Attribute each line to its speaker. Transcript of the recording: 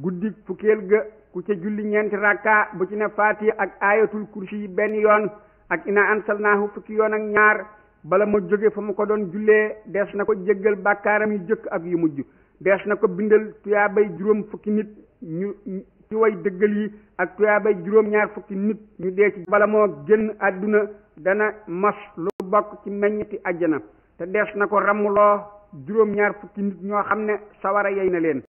Speaker 1: guddik fukilge ga ku ca julli ñent rakka bu ci ne fati ak ayatul kursi ben yon yoon ak ina ansalnahu fukki yoon ak ñaar bala ma joge fa mu ko doon julle des na ko jéggal bakaram yu jëkk ak yu mujj des na ko bindal tuyaabay juróom fukki nit ñu ci way deggal yi ak tuyaabay juróom ñaar fukki nit ñu dee ci bala moo génn àdduna dana mas lu bokk ci meññeti àjjana te des na ko ramuloo juróom ñaar fukki nit ñoo xam sawara yey na